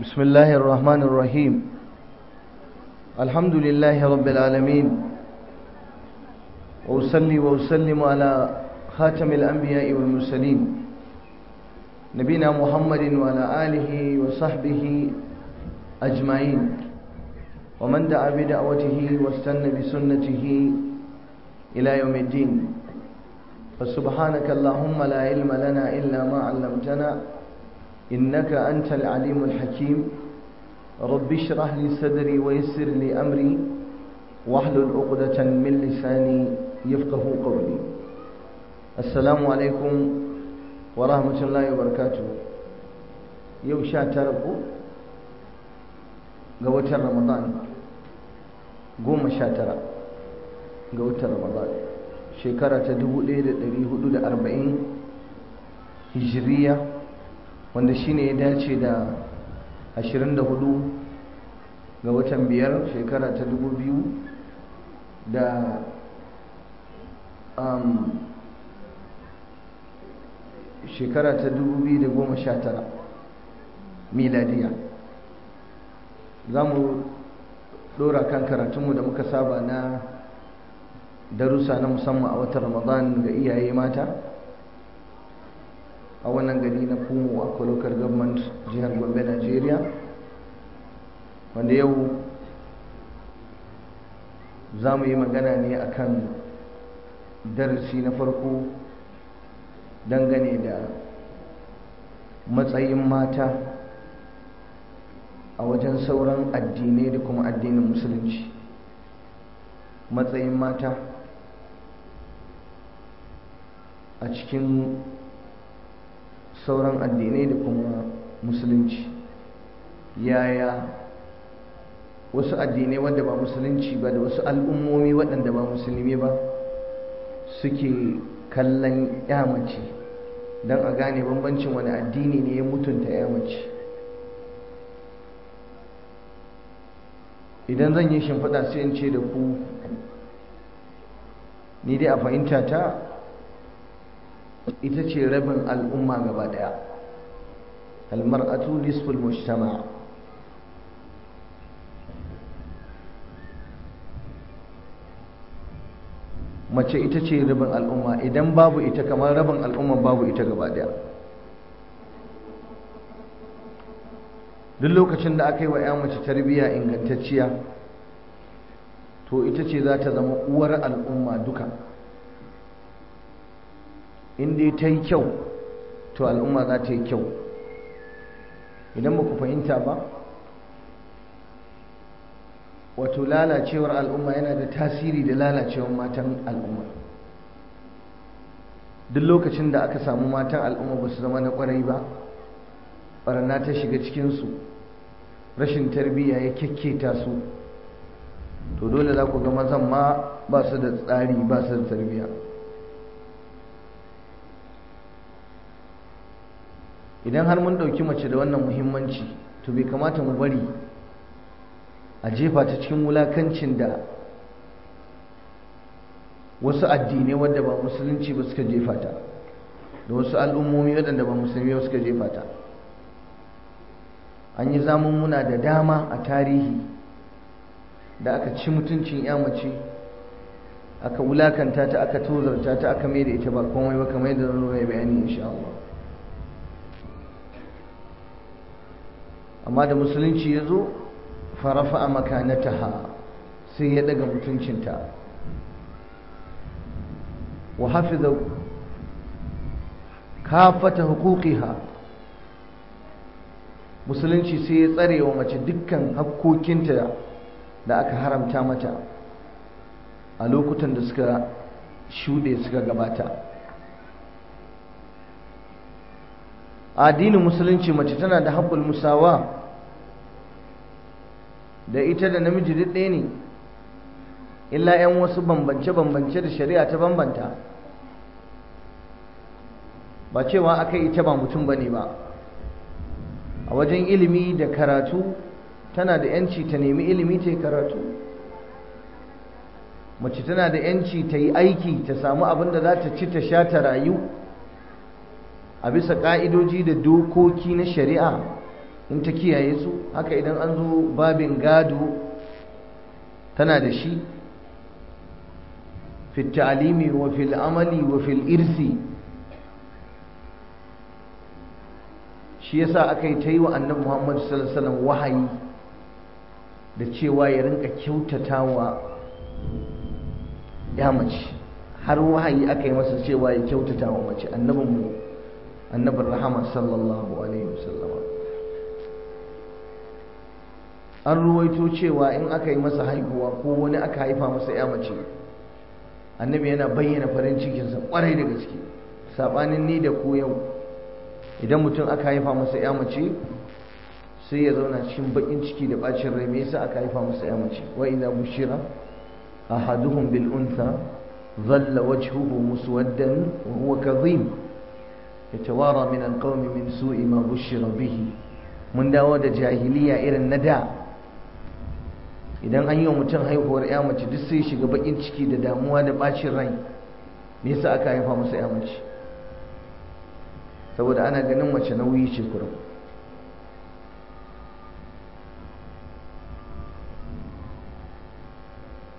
بسم الله الرحمن الرحيم الحمد لله رب العالمين وأصلي وأسلم على خاتم الأنبياء والمرسلين نبينا محمد وعلى آله وصحبه أجمعين ومن دعا بدعوته واستنى بسنته إلى يوم الدين فسبحانك اللهم لا علم لنا إلا ما علمتنا إنك أنت العليم الحكيم رب اشرح لي صدري ويسر لي أمري واحلل عقدة من لساني يفقه قولي السلام عليكم ورحمة الله وبركاته يوشا ترقو قوة رمضان قوم شاترا قوة رمضان شكرة تدبو ليلة 440 هجرية wanda shine ya dace da 24 ga watan biyar shekara ta 2000 da um, shekara ta 2019 miladiya za mu dora kan karatunmu da muka saba na darussa na musamman a watan ramadan ga iyaye mata a wannan gari na kumo a kwalokar government jihar gombe nigeria wanda yau za mu yi magana ne akan darasi na farko dangane da matsayin mata a wajen sauran addinai da kuma addinin musulunci matsayin mata a cikin sauran addinai da kuma musulunci yaya wasu addinai wadda ba musulunci ba da wasu al'ummomi waɗanda ba musulmi ba suke kallon yamace don a gane bambancin wani addini ne ya mutunta yamace idan zan yi shimfiɗa sai in ce da ku ni dai a fahimta ta ita ce rabin al'umma gaba daya almar'atu nisful mujtama mace ita ce rabin al'umma idan babu ita kamar rabin al'umma babu ita gaba daya duk lokacin da aka yi wa 'ya mace tarbiyya ingantacciya to ita ce za ta zama uwar al'umma duka in dai ta yi kyau to al'umma za ta yi kyau idan ba ku fahimta ba wato lalacewar al'umma yana da tasiri da lalacewar matan al'umma duk lokacin da aka samu matan al'umma ba su zama na kwarai ba barna ta shiga cikinsu rashin tarbiyya ya kyakketa su to dole za ku ga mazan ma ba su da tsari ba su da tarbiyya idan har mun ɗauki mace da wannan muhimmanci to bai kamata mu bari a jefa ta cikin wulakancin da wasu addinai wadda ba musulunci ba suka jefa ta da wasu al'ummomi wadanda ba musulmi ba suka jefa ta an yi muna da dama a tarihi da aka ci mutuncin ya mace aka wulakanta ta aka tozarta ta aka mai da ita ba komai ba kamar yadda zan bayani insha Allah amma da musulunci ya zo farafa a ha sai ya daga mutuncinta wa hafi da kafata hukuki ha, musulunci sai ya tsare wa mace dukkan hakkokinta da aka haramta mata a lokutan da suka shuɗe suka gabata addinin musulunci mace tana da haƙul musawa da ita da namiji duk ɗaya ne illa 'yan wasu bambance-bambance da shari'a ta bambanta ba cewa aka ita ba mutum ba ba a wajen ilimi da karatu tana da 'yanci ta nemi ilimi ta yi karatu mace tana da 'yanci ta yi aiki ta samu abin da za ta ci ta sha ta rayu a bisa ka'idoji da dokoki na shari'a in ta kiyaye su haka idan an zo babin gado tana da shi fil ta'alimi wa fil amali wa fil irsi shi yasa aka yi ta yi wa annabi muhammadu sallallahu wahayi da cewa ya rinka kyautatawa ya mace har wahayi aka yi masa cewa ya kyautata wa mace annabinmu annabin rahama sallallahu alaihi wasallama an ruwaito cewa in aka yi masa haihuwa ko wani aka haifa masa ya mace annabi yana bayyana farin cikinsa kwarai da gaske sabanin ni da ku yau idan mutum aka haifa masa ya mace sai ya zauna cikin bakin ciki da bacin rai me yasa aka haifa masa ya mace wa ina bushira ahaduhum bil unsa zalla wajhuhu muswaddan wa huwa kadhim ya tawara min alqawmi min su'i ma bushira bihi mun dawo da jahiliya irin na da idan an yi wa mutum haihuwar ya mace duk sai shiga bakin ciki da damuwa da bacin rai me yasa aka haifa masa ya mace saboda ana ganin mace nauyi ce kurum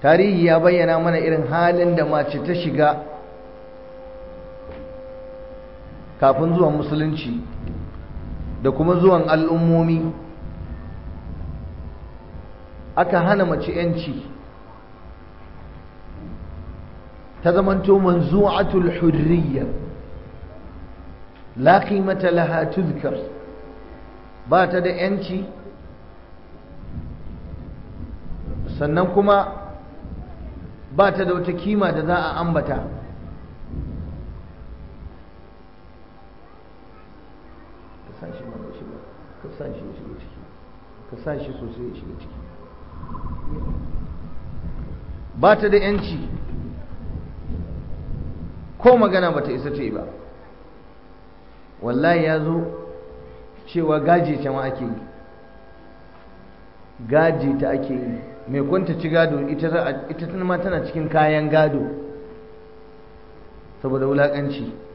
tarihi ya bayyana mana irin halin da mace ta shiga kafin zuwan musulunci da kuma zuwan al'ummomi aka hana mace yanci ta zamanto manzu'atul hurriya la qimata laha tuzkar ba ta da yanci sannan kuma ba ta da wata kima da za a ambata ka da yanci ko magana ba ta isa ce ba wallahi ya zo cewa gaje ta ma ake yi gaje ta ake yi mai kwanta ci gado ita ma tana cikin kayan gado saboda wulaƙanci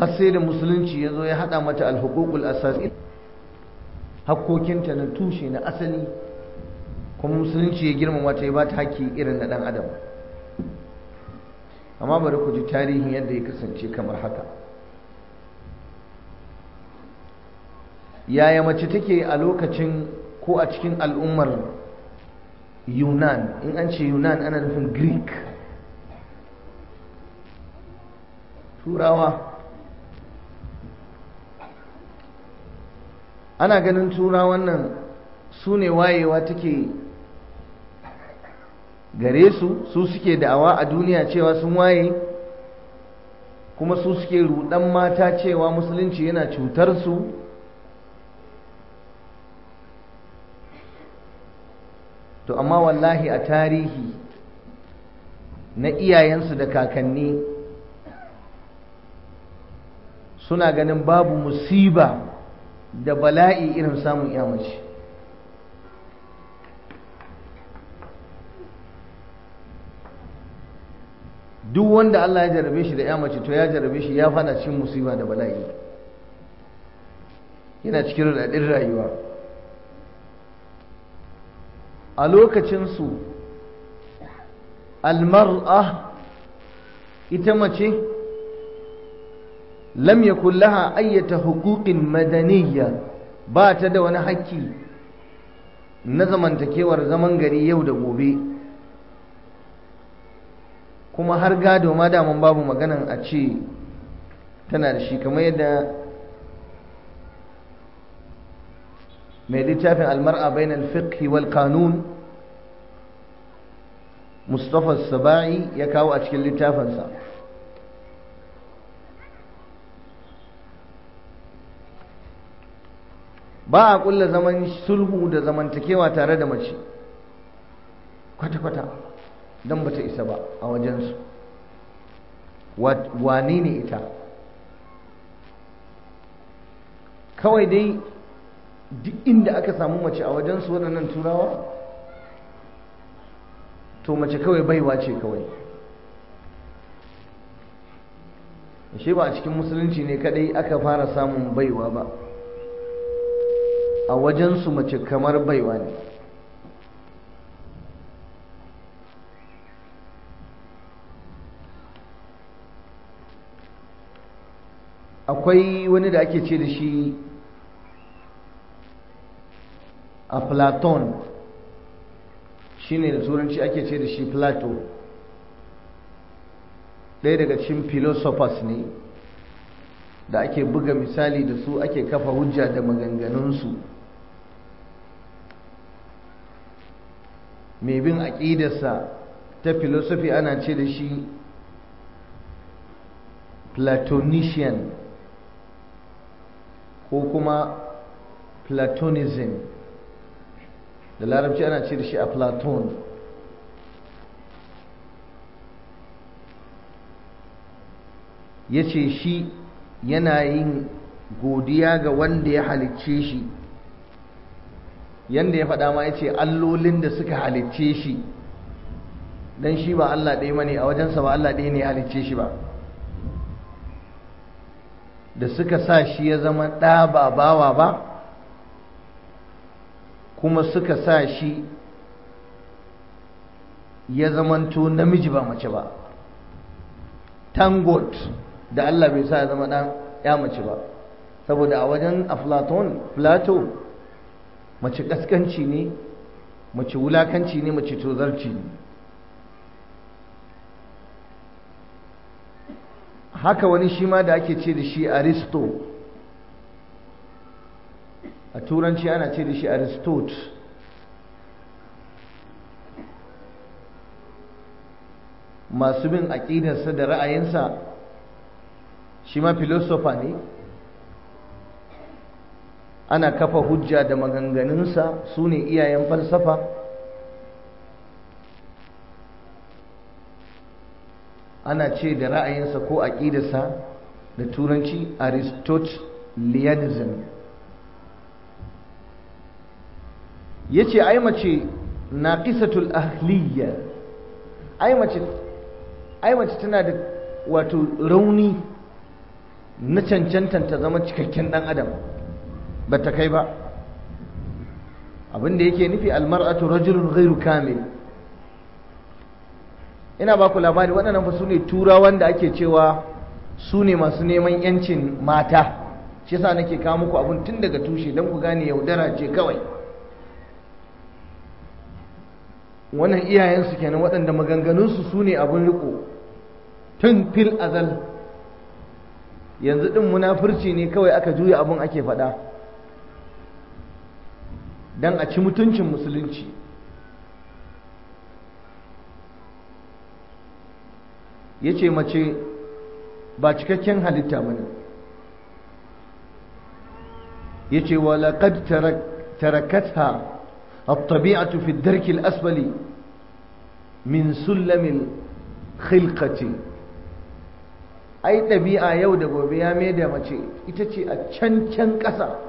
har sai da musulunci ya zo ya haɗa mata alhukukul asasi hakkokinta na tushe na asali kuma musulunci ya girmama ta ya ba ta haƙƙi irin na ɗan adam amma bari ku ji tarihin yadda ya kasance kamar haka yaya mace take a lokacin ko a cikin al'ummar yunan in an ce yunan ana nufin greek turawa ana ganin tura wannan su ne wayewa take gare su su suke da'awa a duniya cewa sun waye kuma su suke rudan mata cewa musulunci yana cutar su to amma wallahi a tarihi na iyayensu da kakanni suna ganin babu musiba da bala'i irin samun mace duk wanda Allah ya jarrabe shi da mace to ya jarrabe shi ya fada cikin musiba da bala'i yana cikin raɗaɗin rayuwa a lokacinsu almar'a ita mace lam yakun laha ayyata hukukin madaniya ba ta da wani haƙƙi na zamantakewar zaman gari yau da gobe kuma har gado ma daman babu maganan a ce tana da shi kamar yadda mai littafin almar'a bain al wal kanun Mustapha Saba'i ya kawo a cikin littafinsa ba a kulla zaman sulhu da zamantakewa tare da mace kwata-kwata don ba ta isa ba a wajensu wane ne ita kawai dai duk inda aka samu mace a wajensu waɗannan turawa to mace kawai baiwa ce kawai shi ba a cikin musulunci ne kadai aka fara samun baiwa ba a wajensu mace kamar baiwa ne akwai wani da ake ce da shi a platon shine da turanci ake ce da shi plato ɗaya daga cikin philosophers ne da ake buga misali da su ake kafa hujja da maganganunsu mai bin aƙidarsa ta filosofi ana ce da shi platonician ko kuma platonism da larabci ana ce da shi a platon ya ce shi yana yin godiya ga wanda ya halicce shi yanda ya faɗa ma ya ce allolin da suka halicce shi don shi ba Allah ɗaya mane a wajensa ba Allah ɗaya ne halicce shi ba da suka sa shi ya zama ɗa ba bawa ba kuma suka sa shi ya zamanto namiji ba mace ba tangot da Allah bai sa ya zama ɗan ya mace ba saboda a wajen a mace ƙaskanci ne mace wulakanci ne mace tozarci ne haka wani shi ma da ake ce da shi aristo a turanci ana ce da shi aristote masu bin aƙidarsa da ra'ayinsa shi ma filosofa ne ana kafa hujja da maganganunsa su ne iyayen falsafa ana ce da ra'ayinsa ko aƙidarsa da turanci aristotelianism ya ce ai mace na naqisatul ahliya ai mace tana da wato rauni na cancantar ta zama cikakken ɗan adam ba ta kai ba abinda yake nufi almar'atu rajulun ghairu kamil ina ba ku labari waɗannan fa su ne turawan da ake cewa su masu neman yancin mata shi yasa nake kawo muku abun tun daga tushe don ku gane yaudara ce kawai wannan iyayensu kenan waɗanda maganganunsu su ne abin riko tun fil azal yanzu ɗin munafurci ne kawai aka juya abun ake faɗa don a ci mutuncin musulunci ya ce mace ba cikakken halitta ba ne ya ce wa laƙad tarakata a tabi'atu fi darkil asbali min sullamin khilkati ai ɗabi'a yau da gobe ya mai da mace ita ce a can ƙasa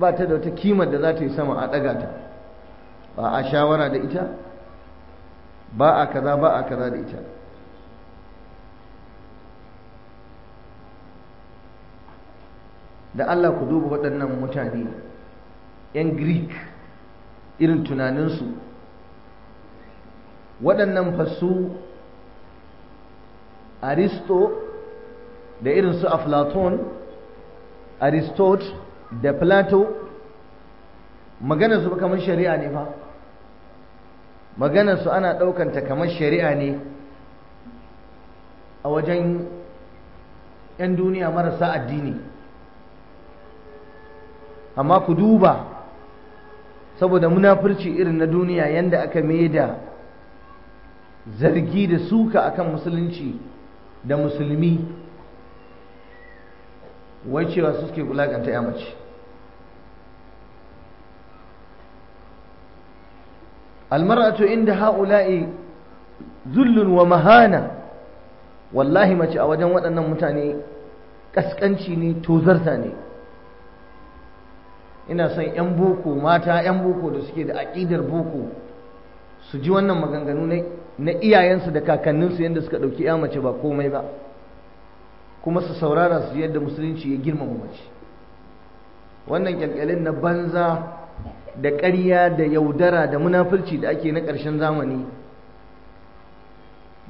ba ta da wata kimar da za ta yi sama a ɗaga ta ba a shawara da ita ba a kaza ba a kaza da ita da Allah ku duba waɗannan mutane 'yan greek irin tunaninsu waɗannan fasu aristo da irinsu aflaton aristot da plato magana su kamar shari'a ne fa magana su ana ɗaukanta kamar shari'a ne a wajen 'yan duniya marasa addini amma ku duba saboda munafurci irin na duniya yadda aka maida zargi da suka akan musulunci da musulmi wai cewa suke wulakanta yammaci mace almar'atu inda ha'ula'i ذل wa والله wallahi mace a wajen waɗannan mutane ƙasƙanci ne tozarta ne ina son 'yan boko mata 'yan boko da suke da aƙidar boko su ji wannan maganganu na iyayensu da kakanninsu yadda suka ɗauki 'ya mace ba komai ba kuma su saurara su yadda musulunci ya girmama mace wannan kyalkyalin na banza da ƙarya da yaudara da munafurci da ake na ƙarshen zamani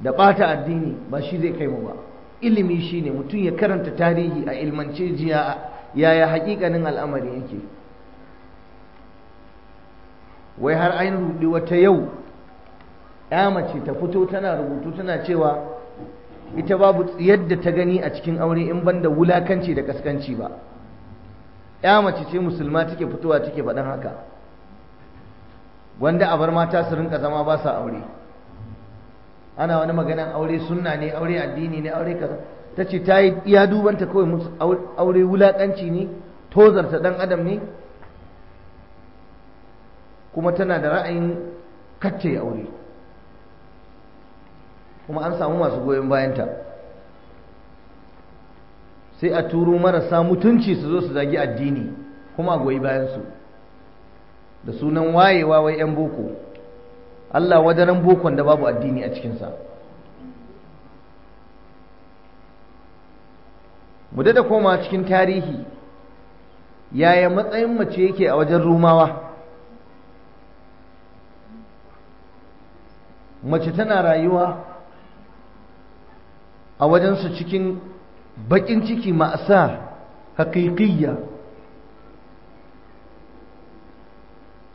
da ɓata addini ba shi zai kai mu ba ilimi shi ne mutum ya karanta tarihi a ilmance jiya yaya haƙiƙanin al'amari yake wai har an ruɗi wata yau ya mace ta fito tana rubutu tana cewa ita babu yadda ta gani a cikin aure in banda wulakanci da kaskanci ba ya mace ce musulma take fitowa take faɗin haka wanda a bar mata su rinka zama ba sa aure ana wani maganan aure sunna ne aure addini ne aure kaza ta ce ta yi iya dubanta kawai musu aure wulaƙanci ne tozarta ɗan adam ne kuma tana da ra'ayin kacce aure kuma an samu masu goyon bayanta sai a turo marasa mutunci su zo su zagi addini kuma a goyi bayansu da sunan wayewa wai 'yan boko Allah wadaran bokon da babu addini a cikinsa mu da koma cikin tarihi yaya matsayin mace yake a wajen rumawa mace tana rayuwa a wajensu cikin bakin ciki ma'asa haƙiƙiyya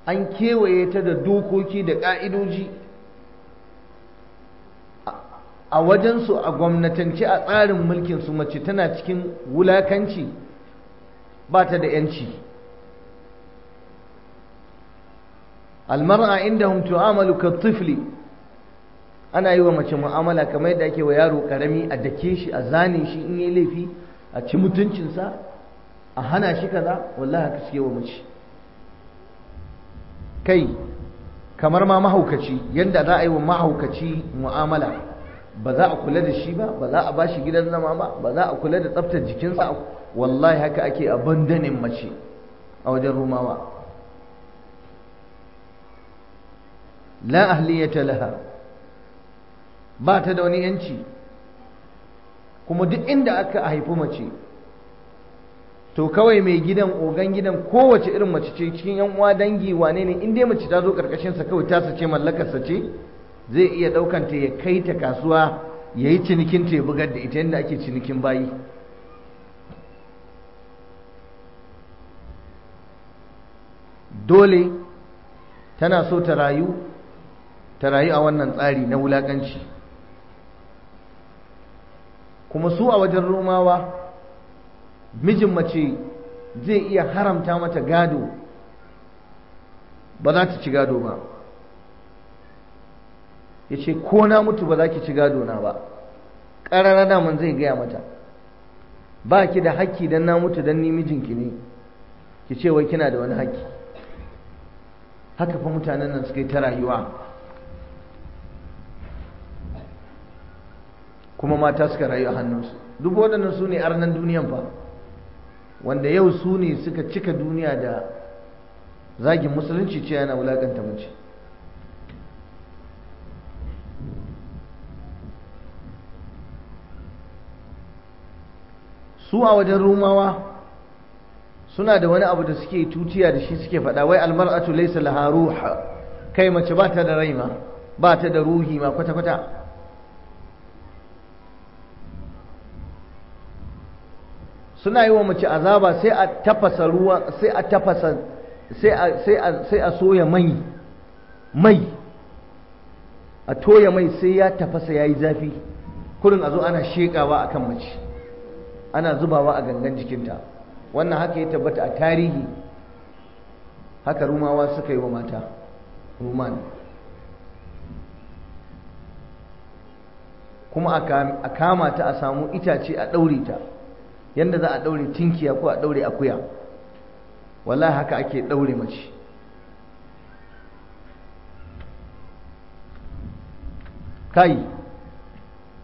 an kewaye ta da dokoki da ƙa'idoji a wajensu a gwamnatance a tsarin mulkin su mace tana cikin wulakanci ba ta da 'yanci almar'a inda hun tu'amalu ka tifli ana yi wa mace mu'amala kamar yadda ake wa yaro karami a dake shi a zane shi in yi laifi a ci mutuncinsa a hana shi kaza wallahi haka suke wa mace kai kamar ma mahaukaci yadda za a yi wa mahaukaci mu'amala ba za a kula da shi ba ba za a ba shi gidan zama ba ba za a kula da tsaftar jikinsa wallahi haka ake abandonin mace a wajen rumawa la ahliyata laha ba ta da wani yanci kuma duk inda aka haifi mace to kawai mai gidan ogan gidan kowace irin mace ce cikin yan uwa dangi wane ne in dai mace ta zo karkashin sa kawai ta sace mallakar sa ce zai iya daukan ta ya kai ta kasuwa yayi cinikin ta ya bugar da ita yanda ake cinikin bayi dole tana so ta rayu ta rayu a wannan tsari na wulakanci kuma su a wajen romawa mijin mace zai iya haramta mata gado ba za ta ci gado ba ya ce ko na mutu ba za ki ci gado na ba ƙarara daman zai gaya mata ba ki da haƙƙi don na mutu don ni mijinki ne ki ce wai kina da wani haƙƙi haka fa mutanen nan suka ta rayuwa kuma mata suka rayu a hannunsu duk waɗannan su ne arnan duniyan fa wanda yau su ne suka cika duniya da zagin musulunci ce yana wulakanta mace su a wajen rumawa suna da wani abu da suke tutiya da shi suke faɗa wai almar'atu laysa laha ruha kai mace ba ta da rai ma ba ta da ruhi ma kwata-kwata suna yi wa mace azaba sai a tafasa ruwa sai a tafasa sai a sai a sai a soya mai mai a toya mai sai ya tafasa yayi zafi kurin a zo ana shekawa akan mace ana zubawa a gangan jikinta wannan haka ya tabbata a tarihi haka rumawa suka yi wa mata ruman kuma a kama ta a samu itace a ɗaure ta yanda za a daure tinkiya ko a daure akuya wallahi haka ake daure mace kai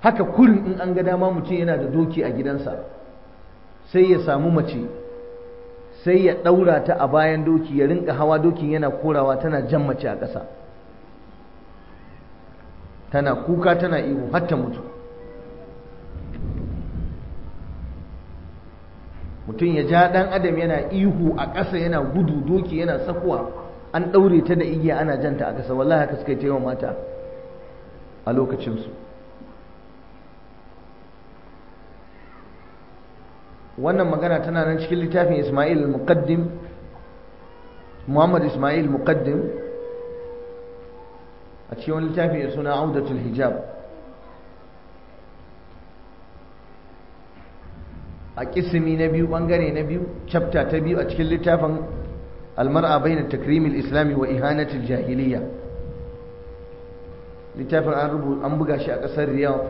haka kurin in an ga dama mutum yana da doki a gidansa sai ya samu mace sai ya daura ta a bayan doki ya rinka hawa dokin yana korawa tana jan mace a ƙasa tana kuka tana ihu har ta mutu mutum ya ja dan adam yana ihu a ƙasa yana gudu doki yana sakuwa an ɗaure ta da igiya ana janta a ƙasa wallahi haka suka yi taimaka mata a lokacinsu wannan magana tana nan cikin littafin ismail muqaddim muhammad ismail muqaddim a cikin wani littafin ya suna audatul hijab a kisimi na biyu bangare na biyu chapta ta biyu a cikin littafin almar'a baina takrimin islami wa ihanatil jahiliya littafin an rubu an buga shi a kasar riyadh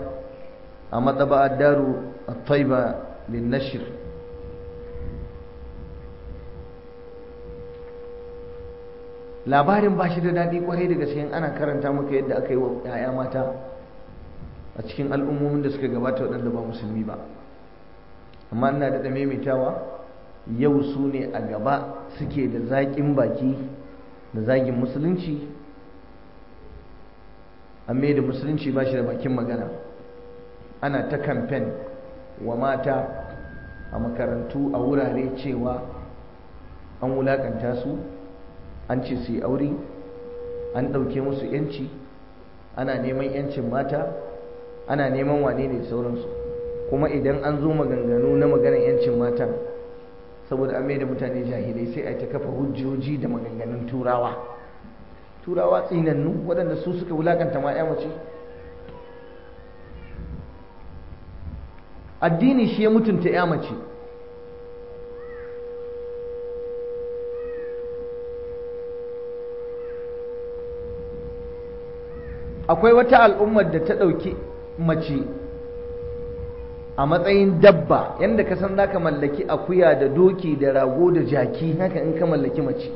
a a daru a taiba lin nashir labarin ba shi da daɗi kwarai da gaske ana karanta maka yadda aka yi wa 'ya'ya mata a cikin al'ummomin da suka gabata waɗanda ba musulmi ba amma ina da maimaitawa yau su ne a gaba suke da zaƙin baki da zagin musulunci amma da musulunci ba shi da bakin magana ana ta kamfen wa mata a makarantu a wurare cewa an wulaƙanta su an ce su yi aure an ɗauke musu 'yanci ana neman 'yancin mata ana neman wane ne sauransu kuma idan an zo maganganu na maganar yancin mata saboda an da mutane jahilai sai a ta kafa hujjoji da maganganun turawa turawa tsinannu waɗanda su suka wulakanta ma ya mace addini shi ya mutunta ya mace akwai wata al'ummar da ta ɗauki mace a matsayin dabba yadda ka san zaka mallaki akuya da doki da rago da jaki haka in ka mallaki mace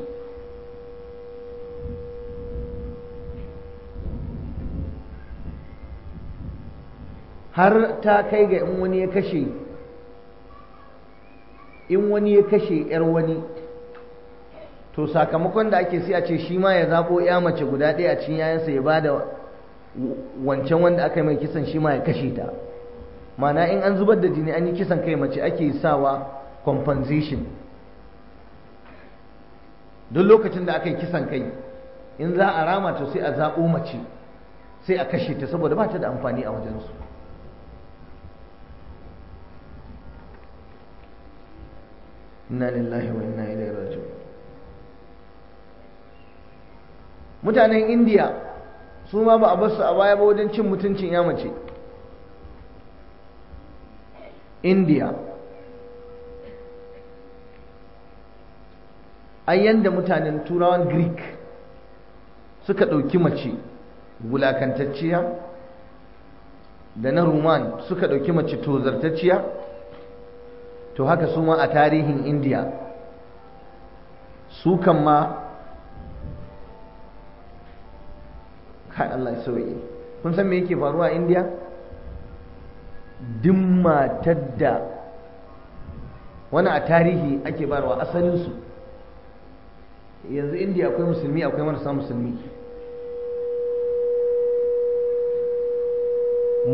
har ta kai ga in wani ya kashe in wani ya kashe 'yar wani to sakamakon da ake sai a ce shi ma ya zaɓo ya mace guda ɗaya a cikin yayansa ya ba da wancan wanda aka yi mai kisan shi ma ya kashe ta mana in an zubar da jini an yi kisan kai mace ake sawa compensation duk lokacin da aka yi kisan kai in za a rama to sai a zaɓo mace sai a kashe ta saboda ba ta da amfani a wajensu inna lillahi wa inna ilaihi raji'un mutanen indiya su ma ba a basu a baya ba wajen cin mutuncin ya mace india ai yanda mutanen turawan greek suka ɗauki mace wulakantacciya da na roman suka ɗauki mace tozartacciya to haka su ma a tarihin india su kan ma kai Allah ya kun san me yake faruwa a india Dimma wani a tarihi ake barwa asalinsu yanzu indiya akwai musulmi akwai marasa musulmi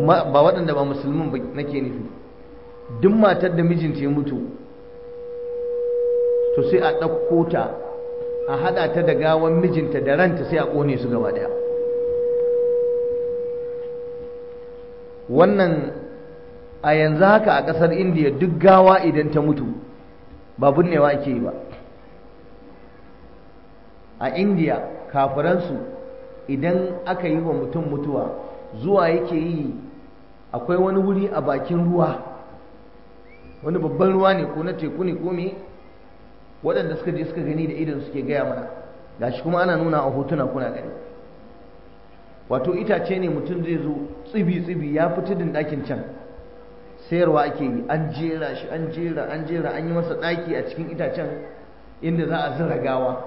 ba waɗanda ba musulmin ba nake nufi Dimma matar da mijinta ya mutu to sai a ɗauko ta a haɗa ta da gawan mijinta da ranta sai a ƙone su gaba ɗaya wannan a yanzu haka a ƙasar indiya duk gawa idan ta mutu ba binnewa ake yi ba a indiya kafiransu idan aka yi wa mutum mutuwa zuwa yake yi akwai wani wuri a bakin ruwa wani babban ruwa ne ko na teku ne ko me waɗanda suka je suka gani da idan suke gaya mana gashi kuma ana nuna a hotuna kuna gani wato itace ne mutum zai zo tsibi-tsibi ya fi tudun ɗakin can sayarwa ake yi an jera shi an jera an jera an yi masa ɗaki a cikin itacen inda za a zira gawa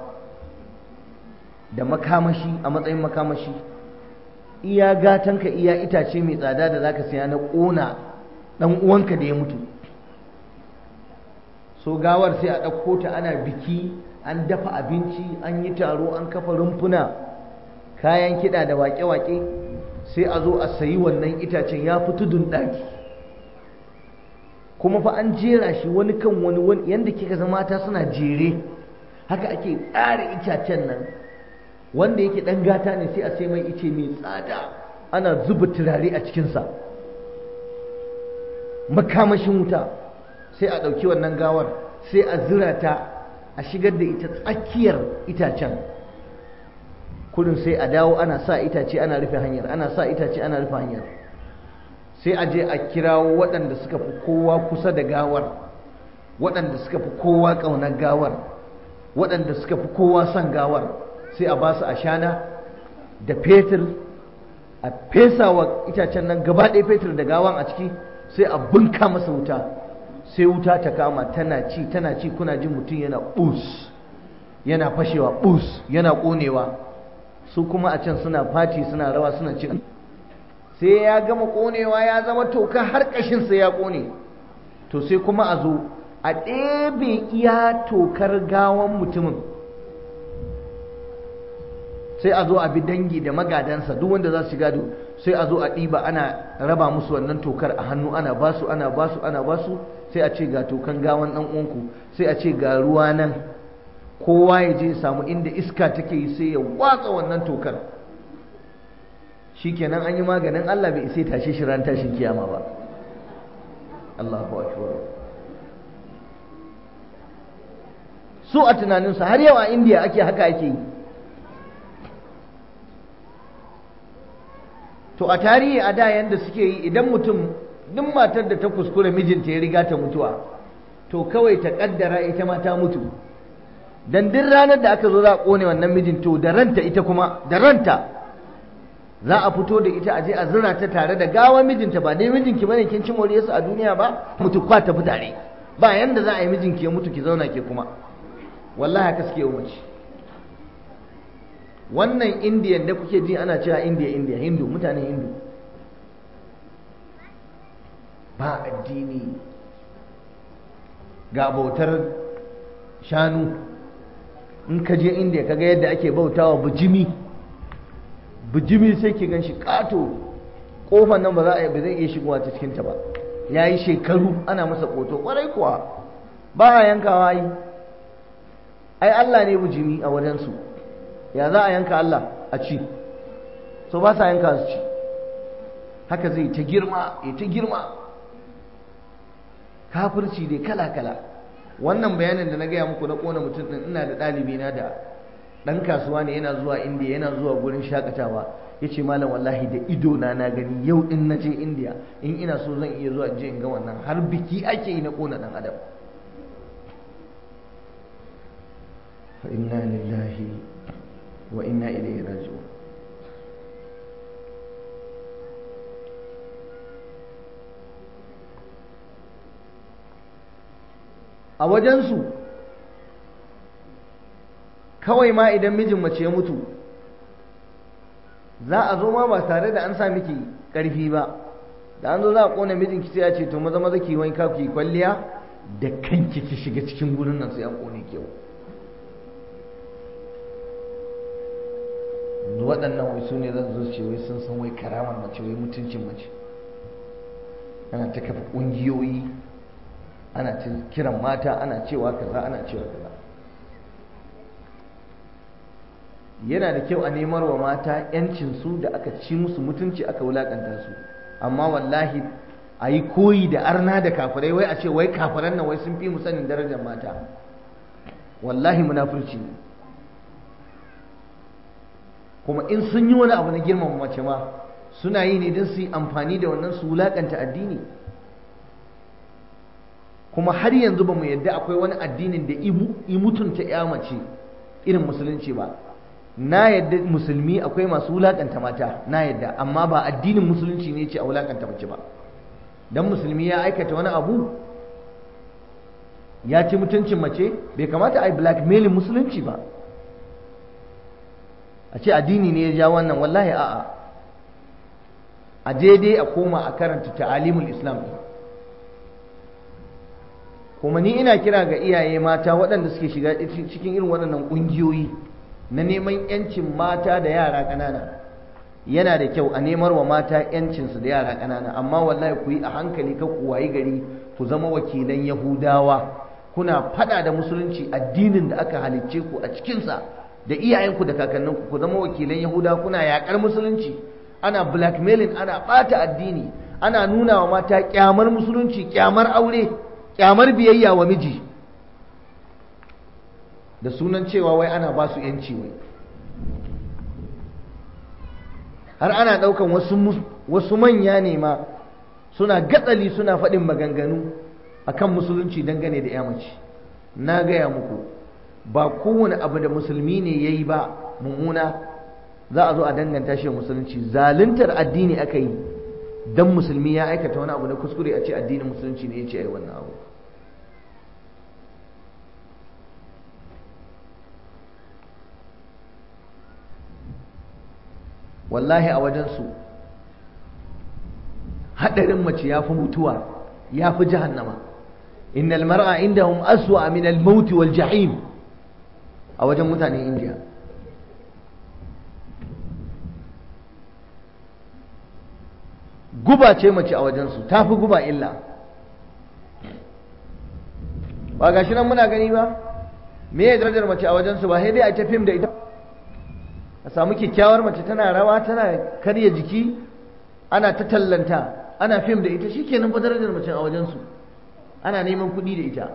da makamashi a matsayin makamashi iya gatanka iya itace mai tsada da zaka saya na ƙona ɗan uwanka da ya mutu so gawar sai a ɗauko ta ana biki an dafa abinci an yi taro an kafa rumfuna kayan kiɗa da waƙe-waƙe sai a zo a sayi wannan itacen ya fi tudun ɗaki kuma fa an jera shi wani kan wani wani yanda kika zama mata suna jere haka ake tsara itacen nan wanda yake dan gata ne sai a sai mai ice mai tsada ana zuba turare a cikinsa makamashin wuta sai a ɗauki wannan gawar sai a zira ta a shigar da ita tsakiyar itacen kudin sai a dawo ana sa itace ana rufe hanyar ana sa itace ana rufe hanyar sai a je a kirawo waɗanda suka fi kowa kusa da gawar waɗanda suka fi kowa ƙaunar gawar waɗanda suka fi kowa son gawar sai a ba su ashana da fetur a fesa wa itacen nan gaba ɗaya fetur da gawan a ciki sai a bunka masa wuta sai wuta ta kama tana ci tana ci kuna jin mutum yana bus yana fashewa bus yana ƙonewa su kuma a can suna fati suna rawa suna ci sai ya gama konewa ya zama toka har kashin sa ya kone to sai kuma a zo a ɗebe iya tokar gawan mutumin sai a zo a bi dangi da magadansa duk wanda za su gado sai a zo a ɗiba ana raba musu wannan tokar a hannu ana basu ana basu ana basu sai a ce ga tokan gawan ɗan uwanku sai a ce ga ruwa nan kowa ya je samu inda iska take yi sai ya watsa wannan tokar shikenan an yi maganin Allah bai isa tashi shi ran tashin kiyama ba Allahu akbar su a tunaninsu har yau a India ake haka ake yi to a tarihi a da yanda suke yi idan mutum duk matar da ta kuskure mijinta ya riga ta mutuwa to kawai ta kaddara ita ma ta mutu dan duk ranar da aka zo za a kone wannan mijin to da ranta ita kuma da ranta za a fito da ita aje a zira ta tare da gawa mijinta ba dai mijinki bane kin ci moriyarsu a duniya ba mutu kwa tafi tare ba yanda za a yi mijinki ya mutu ki zauna ke kuma wallahi ka suke umarci wannan indiyan da kuke ji ana cewa indiya indiya hindu mutanen hindu ba addini ga bautar shanu in ka je indiya ka ga yadda ake bautawa bijimi bijimi sai ki gan shi ƙato ƙofar nan ba za a yi ba zai iya shigowa ta cikinta ba ya yi shekaru ana masa ƙoto ƙwarai kuwa ba a yankawa yi ai Allah ne bijimi a wajensu ya za a yanka Allah a ci so ba sa yanka su ci haka zai ta girma ya ta girma kafirci dai kala-kala wannan bayanin da na gaya muku na ƙona mutum ɗin ina da ɗalibi na da dan kasuwa ne yana zuwa indiya yana zuwa gurin shakatawa ya ce malam wallahi da ido na na gani yau in na je indiya in ina so zan iya zuwa je in ga wannan har biki ake yi na kona dan adam fa inna lillahi wa inna ilaihi raji'un a wajensu kawai ma idan mijin mace ya mutu za a zo ma ba tare da an sa miki ƙarfi ba da an zo za a ƙona mijin ki sai a ce to maza maza ki wanka ki kwalliya da kanki ki shiga cikin gurin nan sai an ƙone ki waɗannan wai su ne zan zo ce wai sun san wai karamar mace wai mutuncin mace ana ta kafa ƙungiyoyi ana kiran mata ana cewa kaza ana cewa kaza yana da kyau a nemar wa mata 'yancinsu da aka ci musu mutunci aka wulaƙanta su amma wallahi a yi koyi da arna da kafirai wai a ce wai kafiran nan wai sun fi mu sanin darajar mata wallahi munafurci ne kuma in sun yi wani abu na girmama mace ma suna yi ne don su yi amfani da wannan su wulaƙanta addini kuma har yanzu ba mu yadda akwai wani addinin da i mutunta ya mace irin musulunci ba na yadda musulmi akwai masu wulakanta mata na yadda amma ba addinin musulunci ne ce a wulakanta mace ba dan musulmi ya aikata wani abu ya ci mutuncin mace bai kamata a yi blackmailin musulunci ba a ce addini ne ya ja wannan wallahi a'a a je a koma a karanta ta'alimul islam kuma ni ina kira ga iyaye mata waɗanda suke shiga cikin irin waɗannan ƙungiyoyi na neman yancin mata da yara ƙanana yana da kyau a nemar wa mata yancinsu da yara ƙanana amma wallahi ku yi a hankali ka ku gari ku zama wakilan yahudawa kuna fada da musulunci addinin da aka halicce ku a cikinsa da iyayenku da kakanninku ku zama wakilan Yahuda kuna yakar musulunci ana blackmailing ana ɓata addini ana nuna wa mata kyamar musulunci kyamar aure kyamar biyayya wa miji da sunan cewa wai ana ba su yanci wai har ana ɗaukan wasu manya ne ma suna gatsali suna faɗin maganganu a kan musulunci dangane da yamaci na gaya muku ba kowane abu da musulmi ne ya yi ba mummuna za a zo a danganta shi musulunci zaluntar addini aka yi don musulmi ya aikata wani abu na kuskure a ce addinin musulunci ne ya ce ai wannan abu wallahi a wajensu haɗarin mace ya fi mutuwa ya fi jahannama innal mar'a indahum aswa min al-maut wal jahim a wajen mutanen indiya guba ce mace a wajensu ta fi guba illa ba gashi nan muna gani ba me ya darajar mace a wajensu ba sai dai a ta fim da ita a samu kyakkyawar mace tana rawa tana karya jiki ana ta tallanta ana fim da ita shikenan fa darajar mace a wajensu ana neman kuɗi da ita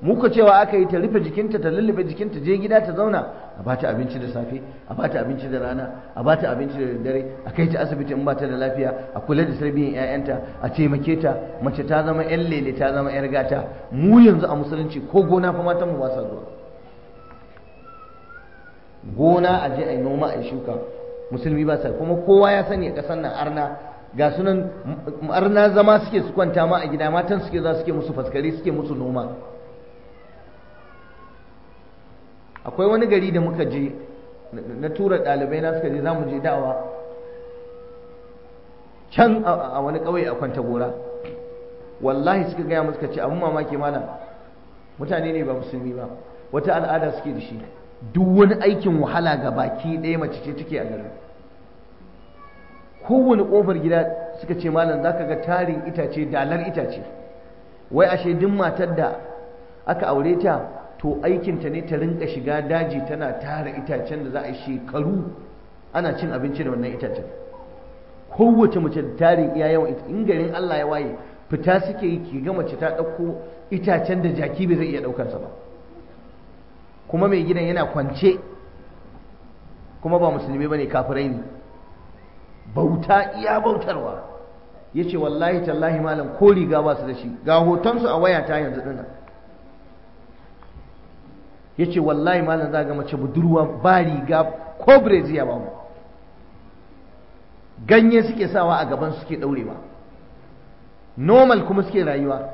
muka cewa aka yi ta rufe jikinta ta lullube jikinta je gida ta zauna a ta abinci da safe a bata abinci da rana a ta abinci da dare a kai ta asibiti in ba ta da lafiya a kula da sarbiyan 'ya'yanta a taimake ta mace ta zama 'yan lele ta zama 'yar gata mu yanzu a musulunci ko gona fa matan mu ba sa zuwa gona a je a yi noma a yi shuka musulmi ba sa kuma kowa ya sani a ƙasar nan arna ga sunan arna zama suke su kwanta ma a gida matan suke za suke musu faskari suke musu noma akwai wani gari da muka je na tura ɗalibai na suka je za mu je dawa can a wani ƙauye a kwanta gora wallahi suka gaya musu ka ce abin mamaki mana mutane ne ba musulmi ba wata al'ada suke da shi duk wani aikin wahala ga baki ɗaya mace ce take a garin kowane ƙofar gida suka ce malam za ka ga tarin itace dalar itace wai ashe duk matar da aka aure ta to aikinta ne ta rinka shiga daji tana tara itacen da za a yi shekaru ana cin abinci da wannan itacen kowace mace da tarin iya yawan in garin allah ya waye fita suke yi ki ga mace ta ɗauko itacen da jaki bai zai iya ɗaukarsa ba kuma mai gidan yana kwance kuma ba musulmi bane kafirai ne bauta iya bautarwa yace wallahi tallahi malam ko riga ba su da shi ga hotonsu a waya ta yanzu dinnan yace wallahi malam za ga mace budurwa ba riga ko breziya ba mu ganye suke sawa a gaban suke daurewa normal kuma suke rayuwa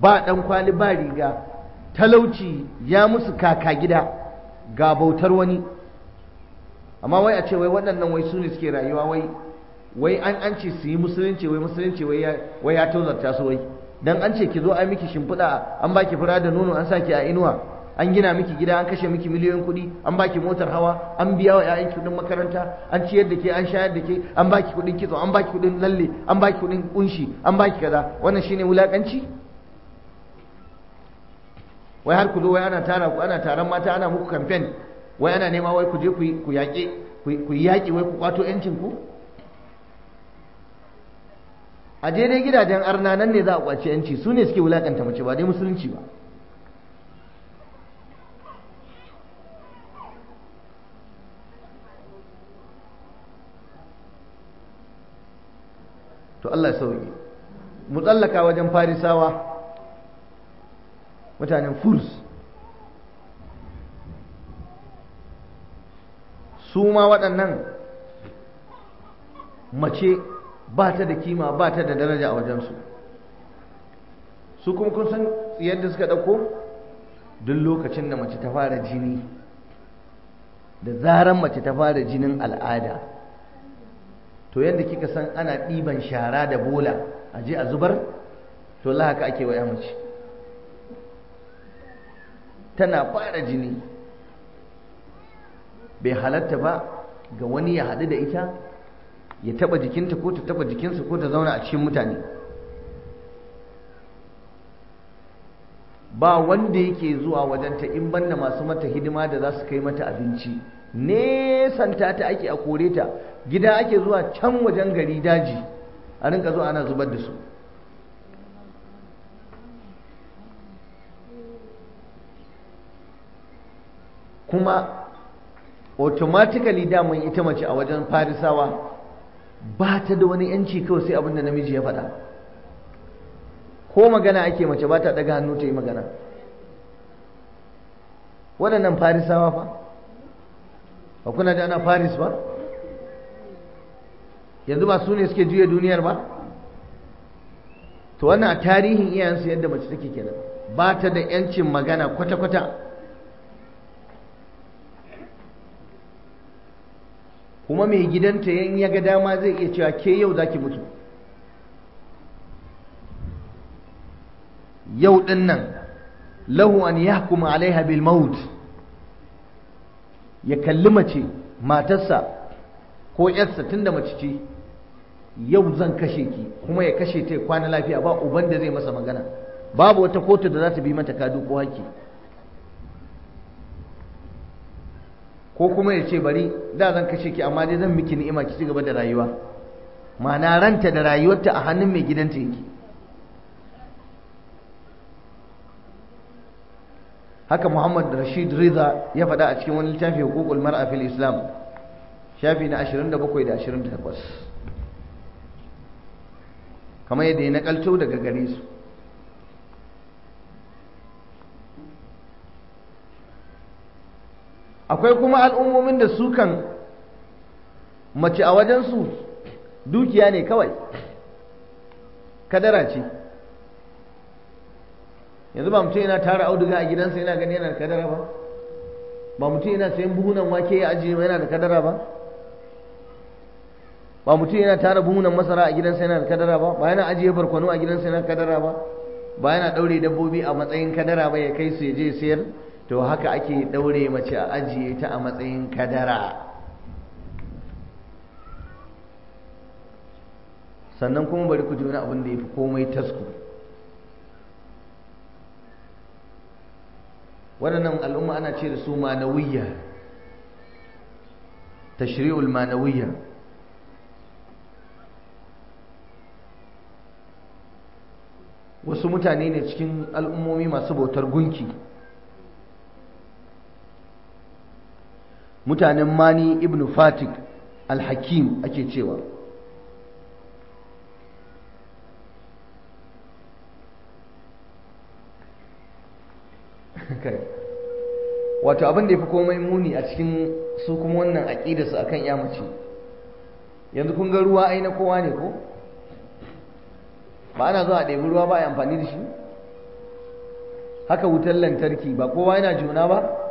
ba dan kwali ba riga talauci ya musu kaka gida ga bautar wani amma wai a ce wai waɗannan wai su ne suke rayuwa wai wai an an ce su yi musulunci wai musulunci wai ya tozarta su wai dan an ce ki zo a miki shimfiɗa an baki fura da nono an saki a inuwa an gina miki gida an kashe miki miliyoyin kuɗi an baki motar hawa an biya wa 'ya'yan kuɗin makaranta an ciyar da ke an shayar da ke an baki kuɗin kitso an baki kuɗin lalle an baki kuɗin kunshi an baki kaza wannan shine wulakanci wai har ku zo wai ana tara ku ana taron mata ana muku kamfen wai ana nema wai ku je ku yaƙi ku yaƙi wai ku kwato yancin ku a daidai gidajen arna nan ne za a kwaci yanci su ne suke wulakanta mace ba dai musulunci ba to Allah ya sauke mu tsallaka wajen farisawa mutanen furs su ma waɗannan mace ba ta da kima ba ta da daraja a wajensu su kuma kun san yadda suka ɗauko duk lokacin da mace ta fara jini da zaran mace ta fara jinin al'ada to yadda kika san ana ɗiban shara da bola a je a zubar to laka ake waya ya mace tana fara jini bai halatta ba ga wani ya haɗu da ita ya taba jikinta ko ta taba jikinsa ko ta zauna a cikin mutane ba wanda yake zuwa wajenta in banna masu mata hidima da za su kai mata abinci nesanta ta ake a kore ta gida ake zuwa can wajen gari daji a rinka zuwa ana zubar da su kuma automatically damun ita mace a wajen farisawa ba ta da wani yanci kawai sai abin da namiji ya faɗa ko magana ake mace ba ta ɗaga hannu ta yi magana waɗannan farisawa fa ba kuna da ana faris ba yanzu ba su ne suke juya duniyar ba to wannan a tarihin iyayensu yadda mace take kenan ba ta da yancin magana kwata-kwata kuma mai gidanta yan ya ga dama zai iya cewa ke yau za ki mutu yau din nan lahu an yahkuma alaiha bil maut ya kalli mace matarsa ko yarsa tunda mace ce yau zan kashe ki kuma ya kashe ta kwana lafiya ba uban da zai masa magana babu wata kotu da za ta bi mata kadu ko haki ko kuma ya ce bari da zan kashe ki amma dai zan miki ni'ima ki cigaba gaba da rayuwa ma'ana ranta da rayuwarta a hannun mai gidanta yake haka muhammad rashid riza ya faɗa a cikin wani littafi hukukul mar'a fil islam shafi na 27 da 28 kamar yadda ya nakalto daga gare su akwai kuma al'ummomin da su kan mace a wajensu dukiya ne kawai kadara ce yanzu ba mutum yana tara auduga a gidansa yana gani yana da kadara ba ba mutum yana sayan buhunan wake ya ajiye yana da kadara ba ba mutum yana tara buhunan masara a gidansa yana da kadara ba ba yana ajiye barkwano a gidansa yana da kadara ba ba yana daure dabbobi a matsayin kadara ba ya kai su ya je sayar to haka ake daure mace a ajiye ta a matsayin kadara sannan kuma bari ku ji wani abin da ya fi komai tasku waɗannan al'umma ana ce da su manawiyya tashri'ul manawiyya wasu mutane ne cikin al'ummomi masu bautar gunki mutanen mani ibn fatik al-hakim ake cewa wato abin da ya fi komai muni a cikin su kuma wannan su akan ya mace yanzu kun ga ruwa ai na kowa ne ko ba ana zuwa a ɗebi ruwa ba a amfani da shi haka wutar lantarki ba kowa yana juna ba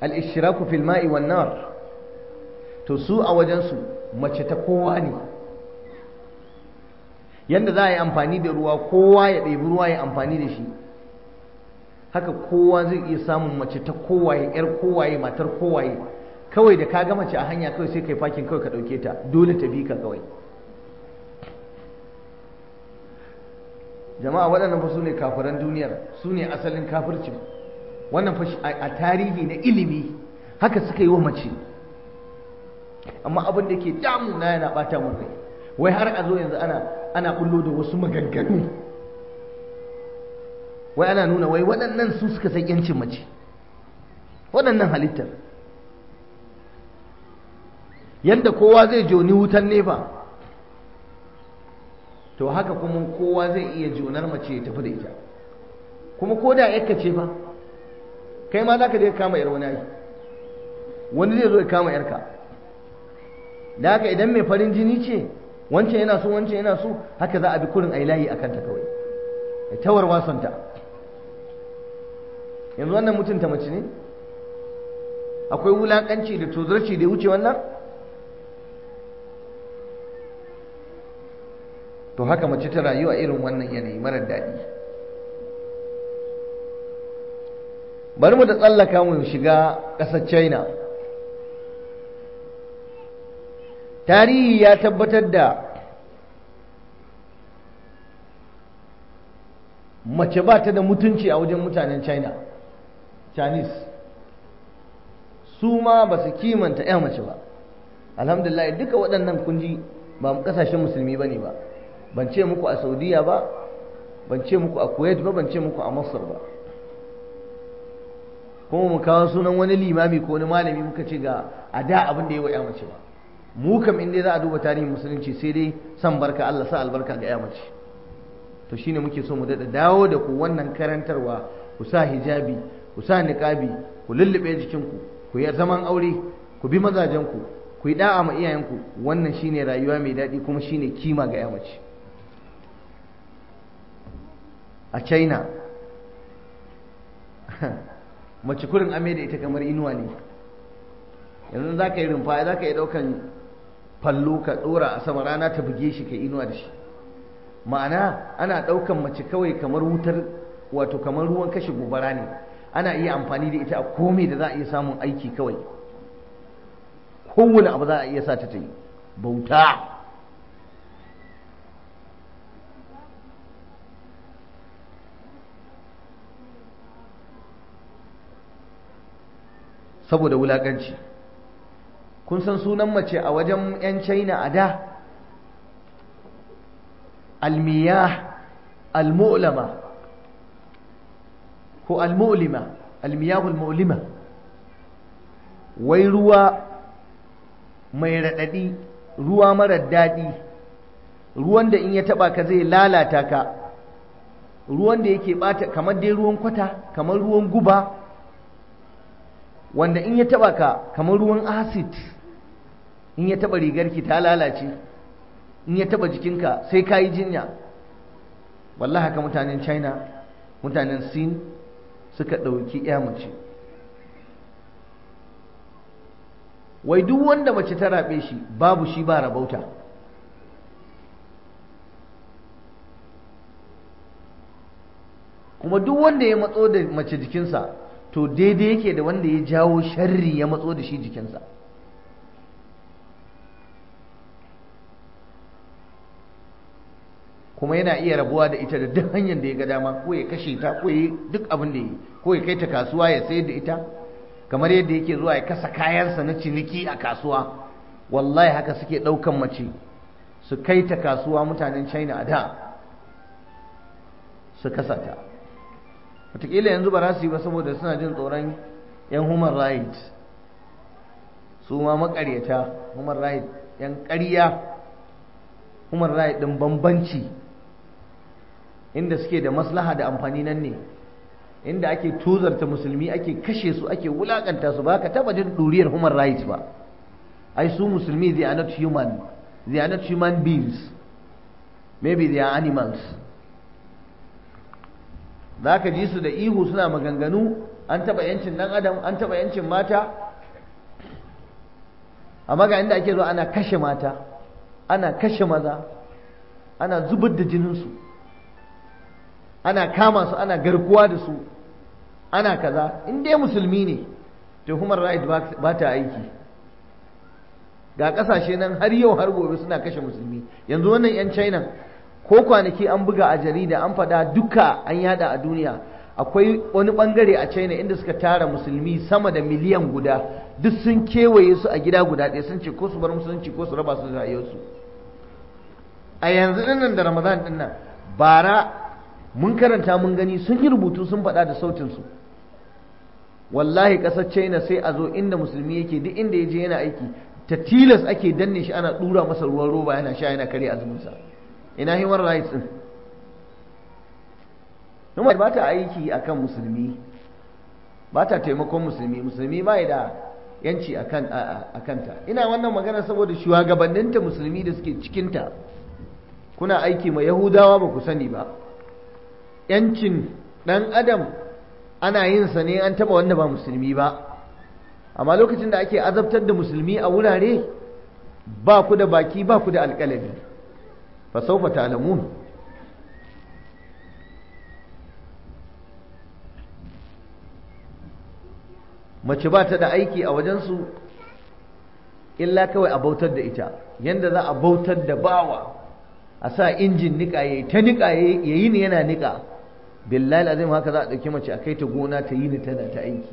al-ishraku fil ma'i wan to su a wajen su mace ta kowa ne yanda za a yi amfani da ruwa kowa ya ɗebi ruwa ya amfani da shi haka kowa zai iya samun mace ta kowaye yar kowaye matar kowaye kawai da ka ga mace a hanya kawai sai kai fakin kawai ka ɗauke ta dole ta bi ka kawai jama'a waɗannan fa su ne kafiran duniyar su ne asalin kafircin wannan fashi a tarihi na ilimi haka suka yi wa mace amma abin da ke damuna yana bata mun rai wai har a zo yanzu ana ana da wasu maganganu wai ana nuna wai waɗannan su suka san yancin mace waɗannan halittar yadda kowa zai joni wutan nefa to haka kuma kowa zai iya jonar mace ya tafi da ita kuma ko da yakka ce fa kai ma zaka je ka kama yar wani ai wani zai zo ya kama yarka da haka idan mai farin jini ce wancan yana so wancan yana so haka za a bi kurin ai layi akan ta kawai tawar wasanta yanzu wannan mutunta mace ne akwai wulakanci da tozarci da ya wuce wannan to haka mace ta rayuwa a irin wannan yanayi marar daɗi bari mu da tsallaka mu shiga ƙasar china tarihi ya tabbatar da mace ba ta da mutunci a wajen mutanen china chinese su ma ba su kimanta 'ya mace ba alhamdulillah duka waɗannan kunji ba ƙasashen musulmi ba ne ba ban ce muku a saudiya ba ban ce muku a kuwait ba ban ce muku a masar ba ko mu kawo sunan wani limami ko wani malami muka ce ga a da abin da ya wa mace ba mu kam in dai za a duba tarihin musulunci sai dai san barka Allah sa albarka ga mace to shine muke so mu dada dawo da ku wannan karantarwa ku sa hijabi ku sa niqabi ku lullube jikinku ku yi zaman aure ku bi mazajenku ku yi da'a ma iyayenku wannan shine rayuwa mai daɗi kuma shine kima ga mace a china mace kurin amai da ita kamar inuwa ne yanzu za ka yi rumfa za ka yi ɗaukan fallo ka ɗora a sama rana ta buge shi ka inuwa da shi ma'ana ana ɗaukan mace kawai kamar wutar wato kamar ruwan kashe gobara ne ana iya amfani da ita a komai da za a iya samun aiki kawai kowane abu za a iya sa ta ta yi bauta saboda wulakanci kun san sunan mace a wajen 'yan china a da almiya almu'lama ko almu'lima almiyahul mu'lima wai ruwa mai raɗaɗi ruwa marar daɗi ruwan da in ya taɓa ka zai lalata ka ruwan da yake ɓata kamar dai ruwan kwata kamar ruwan guba wanda in ya taba ka kamar ruwan acid in ya taba rigarki ta lalace in ya taba jikinka sai ka yi jinya wallahi haka mutanen china mutanen sin suka ɗauki ya mace wai duk wanda mace ta raɓe shi babu shi ba rabauta kuma duk wanda ya matso da mace jikinsa to daidai yake da wanda ya jawo sharri ya matso da shi jikinsa kuma yana iya rabuwa da ita da duk hanyar da ya ga dama ko ya kashe ta ko ya duk abin da ya yi ko ya kai ta kasuwa ya sayar da ita kamar yadda yake zuwa ya kasa kayansa na ciniki a kasuwa wallahi haka suke ɗaukan mace su kai ta kasuwa mutanen china a da su kasa ta wataƙila yanzu ba za su yi ba saboda suna jin tsoron yan human rights su ma makaryata human rights yan ƙarya human rights ɗin bambanci inda suke da maslaha da amfani nan ne inda ake tuzarta musulmi ake kashe su ake wulakanta su ba ka taba jin ɗuriyar human rights ba ai su musulmi they are not human they are not human beings maybe they are animals za ka ji su da ihu suna maganganu an taɓa yancin ɗan adam an taɓa yancin mata amma ga inda ake zo ana kashe mata ana kashe maza ana zubar da jininsu ana kama su ana garkuwa da su ana kaza in dai musulmi ne to human Ra'id ba ta aiki ga kasashe nan har yau har gobe suna kashe musulmi yanzu wannan 'yan china ko kwanaki an buga a jarida an fada duka an yada a duniya akwai wani bangare a china inda suka tara musulmi sama da miliyan guda duk sun kewaye su a gida guda ɗaya sun ce ko su bar musulunci ko su raba su a yanzu nan da ramadan dinnan bara mun karanta mun gani sun yi rubutu sun faɗa da sautin su. wallahi ƙasar china sai a zo inda musulmi yake duk inda ya je yana aiki ta tilas ake danne shi ana ɗura masa ruwan roba yana sha yana kare sa. ina human rights din human ba ta aiki a kan musulmi ba ta taimakon musulmi musulmi ba da yanci a kanta ina wannan magana saboda shugabanninta musulmi da suke cikinta kuna aiki ma yahudawa ba ku sani ba yancin ɗan adam ana yin sa ne an taba wanda ba musulmi ba amma lokacin da ake azabtar da musulmi a wurare ba ku da baki ba ku da alkalabi فسوف تعلمون mace ba ta da aiki a wajensu illa kawai a bautar da ita Yadda za a bautar da bawa a sa injin nika ya ta nika ya yi ni yana niƙa billahi azim haka za a ɗauki mace a kai ta gona ta yi ni tana ta aiki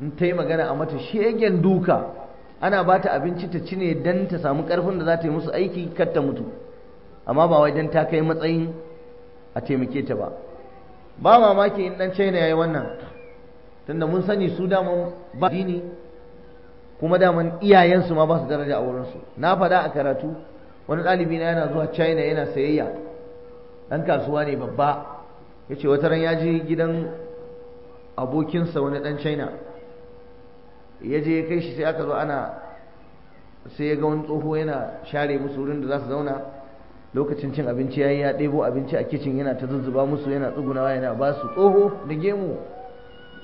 in ta yi magana a mata shegen duka ana ba ta abinci ta ci ne don ta samu ƙarfin da za ta yi musu aiki kar ta mutu amma ba wai don ta kai matsayin a taimake ta ba ba mamaki in dan china ya yi wannan tunda mun sani su daman ba dini kuma daman iyayensu ma ba su daraja a wurinsu na faɗa a karatu wani ɗalibi na yana zuwa china yana sayayya ɗan kasuwa ne babba ya ce wata ran ya je gidan abokinsa wani ɗan china ya je ya kai shi sai aka zo ana sai ya ga wani tsoho yana share musu wurin da za su zauna lokacin cin abinci yayi ya ɗebo abinci a kicin yana ta zuzzuba musu yana tsugunawa yana ba su tsoho da gemu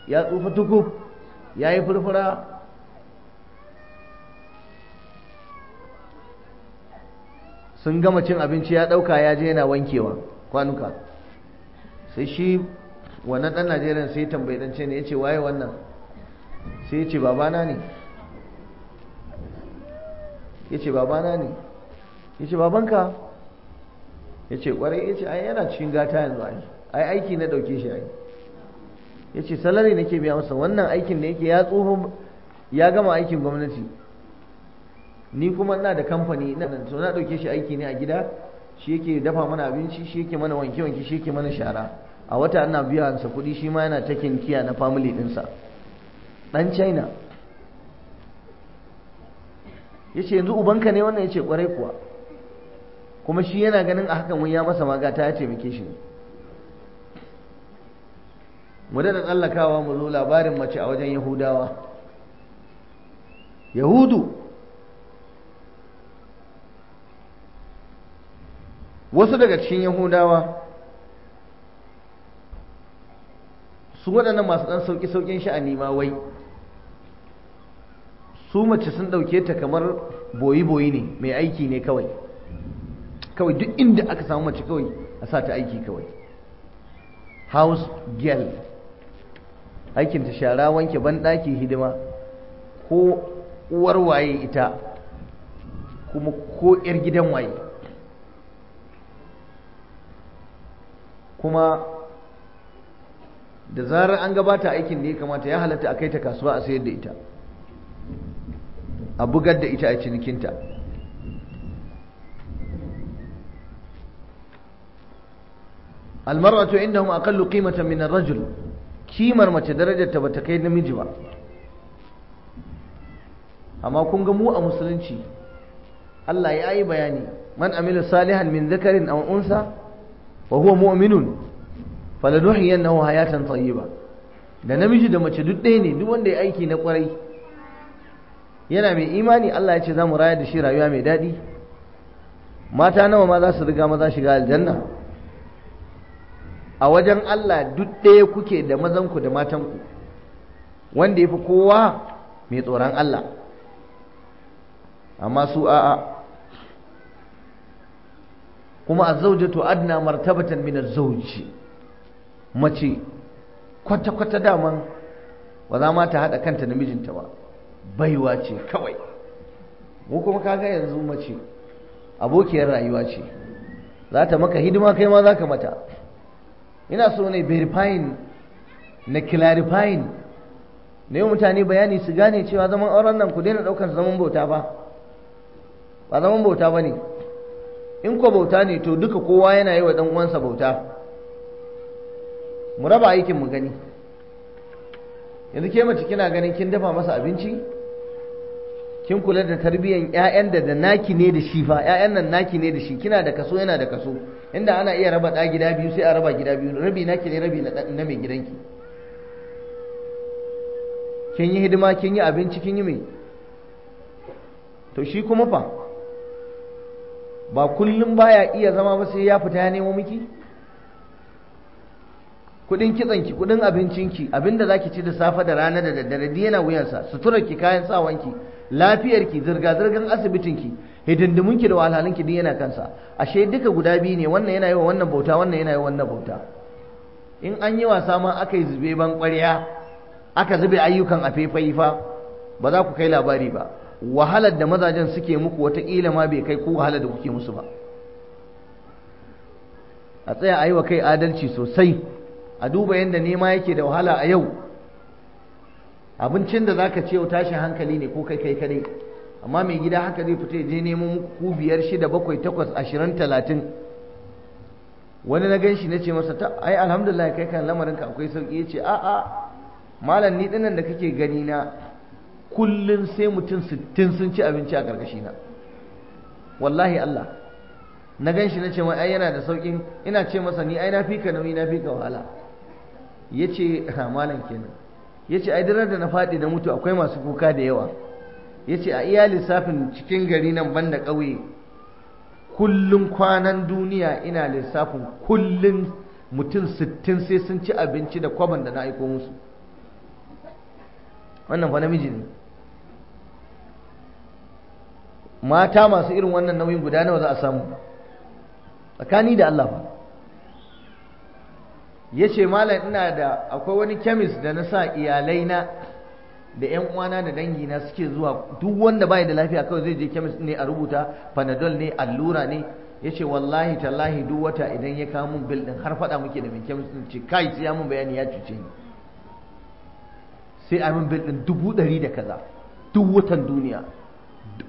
ya tsufa tukuf ya yi furfura sun gama cin abinci ya ɗauka ya je yana wankewa kwanuka sai shi wannan ɗan najeriya sai tambayi ɗance ce ne ya ce waye wannan sai ya ce babana ne ya ce babana ne ya ce babanka ya ce kwarai ya ce ai yana cikin gata yanzu ai ai aiki na dauke shi ai ya ce salari nake biya masa wannan aikin da yake ya tsohon ya gama aikin gwamnati ni kuma ina da kamfani ina nan to na dauke shi aiki ne a gida shi yake dafa mana abinci shi yake mana wanke wanke shi yake mana shara a wata ana biya sa kuɗi shi ma yana takin kiya na family ɗinsa ɗan china ya ce yanzu ubanka ne wannan ya ce kwarai kuwa kuma shi yana ganin a hakan wani ya masa magata ya taimake shi ne mu da tsallakawa mu zo labarin mace a wajen yahudawa yahudu wasu daga cikin yahudawa su waɗannan masu ɗan sauƙi-sauƙin sha'ani ma wai su mace sun ɗauke ta kamar boyi-boyi ne mai aiki ne kawai kawai duk inda aka samu mace kawai a sa ta aiki kawai house girl aikinta shara wanke banɗaki hidima ko uwar waye ita kuma ko 'yar gidan waye kuma da zarar an gabata aikin da ya kamata ya halatta a kai ta kasuwa a sayar da ita a bugar da ita a cinikinta almar'atu indahum aqallu qimatan min minar rajul kimar mace darajar ta bata kai namiji ba amma kun ga mu a musulunci Allah ya yi bayani man amilu salihan min dhakarin aw unsa wa huwa mu'minun falanuhiyannahu hayatan ba da namiji da mace duk ɗaya ne duk wanda ya aiki na kwarai yana mai imani Allah ya ce za mu raya da shi rayuwa mai daɗi mata nawa ma za su riga maza shiga aljanna a wajen Allah duk ɗaya kuke da mazanku da matanku wanda ya fi kowa mai tsoron Allah amma su a'a kuma a azzaujatu adna martabatan min azzawji mace kwata-kwata daman ba za ma ta haɗa kanta da mijinta ba baiwa ce kawai mu kuma kaga yanzu mace abokiyar rayuwa ce za ta maka hidima kai ma za ka mata ina so ne verifying na clarifying ne mutane bayani su gane cewa zaman auren nan ku daina ɗaukar zaman bauta ba ba zaman bauta ba ne in ko bauta ne to duka kowa yana yi wa ɗan uwansa bauta mu raba aikin mu gani yanzu ke mace kina ganin kin dafa masa abinci kin kula da tarbiyyan ƴaƴan da da naki ne da shi fa ƴaƴan nan naki ne da shi kina da kaso yana da kaso inda ana iya raba ɗa gida biyu sai a raba gida biyu rabi naki ne rabi na mai gidanki kin yi hidima kin yi abinci kin yi mai to shi kuma fa ba kullum baya iya zama ba sai ya fita ya nemo miki kudin kitsanki kudin abincinki abinda zaki ci da safe da rana da daddare duk yana wuyansa suturarki kayan sawanki lafiyarki zirga-zirgan asibitinki hidindimunki da wahalhalunki duk yana kansa ashe duka guda biyu ne wannan yana yi wa wannan bauta wannan yana yi wa wannan bauta in an yi wasa ma aka yi zube ban ƙwarya aka zube ayyukan a faifai fa ba za ku kai labari ba wahalar da mazajen suke muku wataƙila ma bai kai ko wahalar da kuke musu ba a tsaya a yi wa kai adalci sosai a duba yadda nema yake da wahala a yau abincin da za zaka ce tashin hankali ne ko kai kai kadai amma mai gida haka zai fita je nemo ku biyar shida bakwai takwas ashirin talatin wani na gan shi na ce masa ta ai alhamdulillah kai kan lamarin ka akwai sauki ya ce a a malam ni dinnan da kake gani na kullun sai mutum sittin sun ci abinci a karkashi na wallahi Allah na gan shi na ce mai ai yana da saukin ina ce masa ni ai na fika nauyi na fika wahala yace malam kenan yace ai da na faɗi na mutu akwai masu kuka da yawa yace a iya lissafin cikin gari nan banda ƙauye kullun kwanan duniya ina lissafin kullun mutum sittin sai sun ci abinci da kwaban da na aiko musu wannan fa namiji ne mata masu irin wannan nauyin guda nawa za a samu tsakani da Allah fa. ya ce malam ina da akwai wani kemis da na sa iyalaina da yan uwana da dangi na suke zuwa duk wanda bai da lafiya kawai zai je kemis ne a rubuta panadol ne allura ne ya ce wallahi tallahi duk wata idan ya kawo mun bil din har faɗa muke da mai kemis din ce kai sai ya mun bayani ya cuce ni sai a min bil din dubu ɗari da kaza duk watan duniya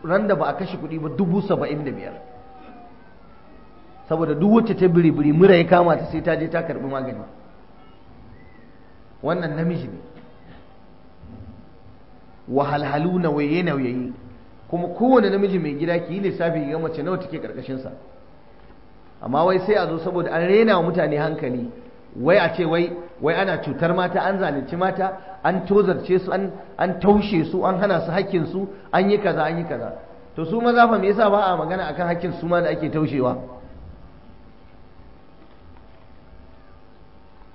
randa ba a kashe kuɗi ba dubu saba'in da biyar saboda duk wacce ta biri-biri mura ya kama ta sai ta je ta karbi magani wannan namiji ne wahalhalu nauye nauyayi kuma kowane namiji mai gida ki yi lissafi ga mace nawa take karkashinsa amma wai sai a zo saboda an rena wa mutane hankali wai a ce wai wai ana cutar mata an zalunci mata an tozarce su an taushe su an hana su hakkin su an yi kaza an yi kaza to su maza fa me yasa ba a magana akan hakkin su ma da ake taushewa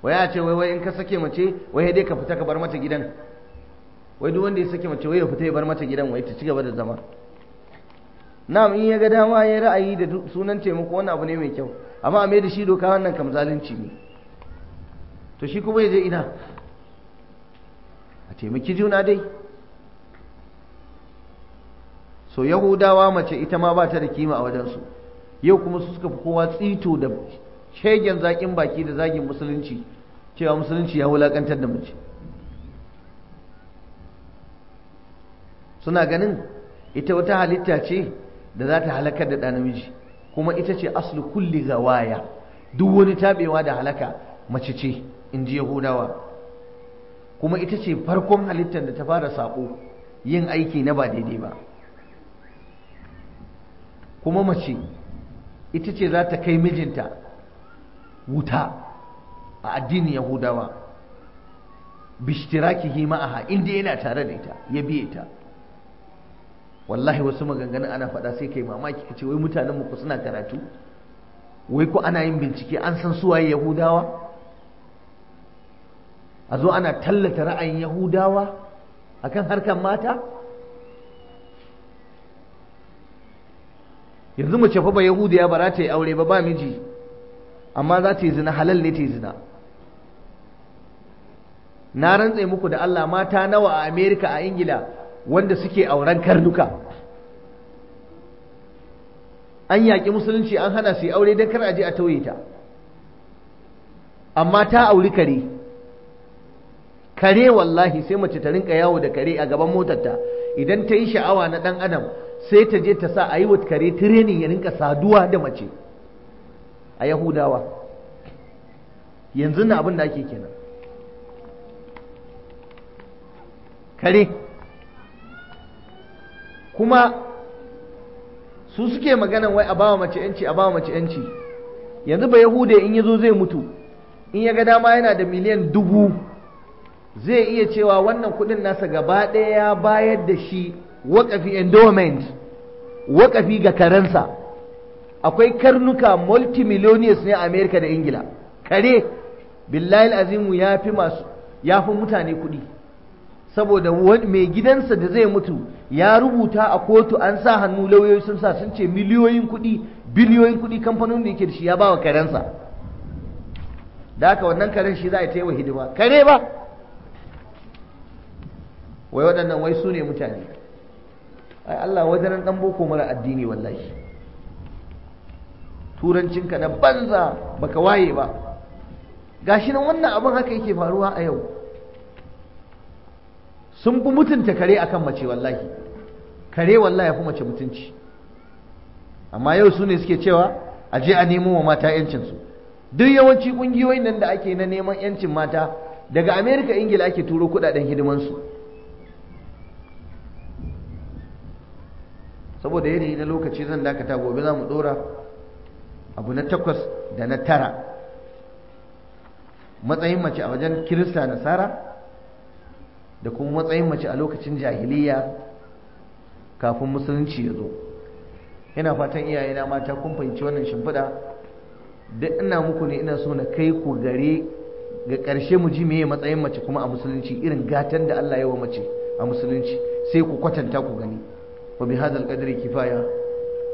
wai ya ce wai wai in ka sake mace wai dai ka fita ka bar mata gidan wai duk wanda ya sake mace wai ya fita ya bar mata gidan wai ta ci gaba da zama na'am in ya ga dama ya ra'ayi da sunan taimako wani abu ne mai kyau amma a mai da shi doka wannan kam zalunci ne to shi kuma ya je ina a taimaki juna dai so yahudawa mace ita ma ba ta da kima a wajensu yau kuma su suka fi kowa tsito da shegen zaƙin baki da zagin musulunci cewa musulunci ya wulaƙantar da mace suna ganin ita wata halitta ce da za ta halakar da ɗa namiji kuma ita ce aslu kulli gawaya duk wani taɓewa da halaka mace ce in ji yahudawa kuma ita ce farkon halittar da ta fara saƙo yin aiki na ba daidai ba kuma mace ita ce za ta kai mijinta wuta a addinin yahudawa bishtiraki ma'aha inda yana tare da ita ya biye ta wallahi wasu maganganun ana faɗa sai kai mamaki kace wai mutanen mu suna karatu wai ko ana yin bincike an san suwaye yahudawa a zo ana tallata ra'ayin yahudawa akan harkar mata yanzu mace fa ba yahudiya ba za ta yi aure ba ba miji amma za ta yi zina halal ne ta yi zina na rantse muku da Allah mata nawa a Amerika a Ingila wanda suke auren karnuka an yaƙi musulunci an hana su yi aure don kar a je a tauye ta amma ta auri kare kare wallahi sai mace ta rinka yawo da kare a gaban motarta idan ta yi sha'awa na ɗan adam sai ta je ta sa a yi wa kare tirenin ya rinka saduwa da mace a yahudawa yanzu na abin da ake kenan kare kuma su suke maganan wai a bawa mace yanci a bawa mace yanci yanzu ba yahuda in yazo zai mutu in ya ga dama yana da miliyan dubu zai iya cewa wannan kudin nasa gaba ɗaya ya bayar da shi waƙafi endowment waƙafi ga karensa akwai karnuka multimillionaires ne a Amerika da Ingila kare billahi azimu ya fi masu ya fi mutane kuɗi saboda mai gidansa da zai mutu ya rubuta a kotu an sa hannu lauyoyi sun sa sun ce miliyoyin kuɗi biliyoyin kuɗi kamfanonin da yake da shi ya bawa karensa da haka wannan karen shi za a ta yi wa hidima kare ba wai waɗannan wai su ne mutane ai Allah wajen dan boko mara addini wallahi turancinka na banza baka waye ba gashi nan wannan abin haka yake faruwa a yau sun fi mutunta kare akan mace wallahi kare wallahi ya fi mace mutunci amma yau sune suke cewa a je a nemo wa mata 'yancinsu duk yawanci ƙungiyoyin nan da ake na neman 'yancin mata daga amerika ingila ake turo kudaden hidimansu saboda yanayi na lokaci zan dakata gobe za mu dora abu na takwas da na tara matsayin mace a wajen kirista nasara da kuma matsayin mace a lokacin jahiliya kafin musulunci ya zo ina fatan iyayena mata kun fahimci wannan shimfiɗa duk ina muku ne ina so na kai ku gare ga ƙarshe mu ji meye matsayin mace kuma a musulunci irin gatan da Allah ya wa mace a musulunci sai ku kwatanta ku gani wa bi hadal qadri kifaya